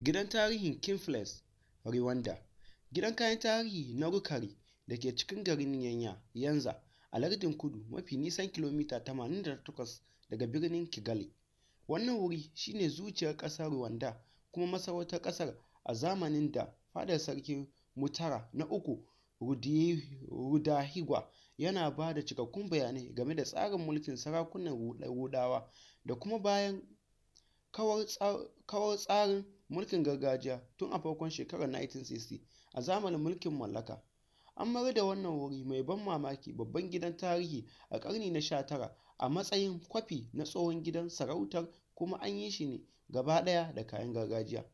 Gidan Tarihin kinfles Rwanda. Gidan Kayan Tarihi na Rukari da ke cikin garin yanya yanza a lardin kudu mafi nisan kilomita 88 daga birnin Kigali, wannan wuri shine zuciyar kasar Rwanda kuma masarautar kasar a zamanin da fadar sarkin Mutara na uku Rudahigwa yana ba da cikakkun bayanai game da tsarin mulkin sarakunan Rudawa da kuma bayan kawar tsarin mulkin gargajiya tun a farkon shekarar 1960 a zamanin mulkin mallaka. An mayar da wannan wuri mai ban mamaki babban gidan tarihi a ƙarni na 19 a matsayin kwafi na tsohon gidan sarautar kuma an yi shi ne gaba ɗaya da kayan gargajiya.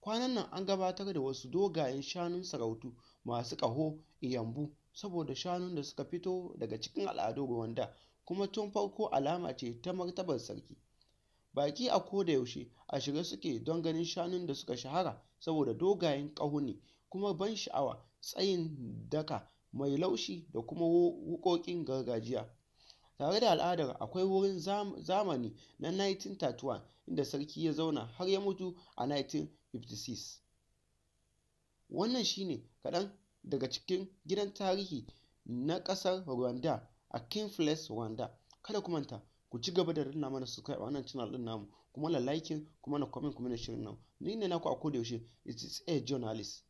Kwanan nan an gabatar da wasu dogayen shanun sarautu masu ƙaho Iyambu saboda shanun da suka fito daga cikin al'adu Ruwanda kuma tun farko alama ce ta martabar sarki. baki a koda yaushe a shirya suke don ganin shanun da suka shahara saboda dogayen ƙaho kuma ban sha'awa tsayin daka mai laushi da kuma wukokin gargajiya tare da al'adar akwai wurin zamani na 1931 inda sarki ya zauna har ya mutu a 1956 wannan shine kaɗan daga cikin gidan tarihi na ƙasar rwanda a king rwanda kada ku manta ku ci gaba da rinna mana subscribe a wannan channel din namu kuma na like kuma na comment kuma na shirin namu ni ne naku a koda yaushe it is a journalist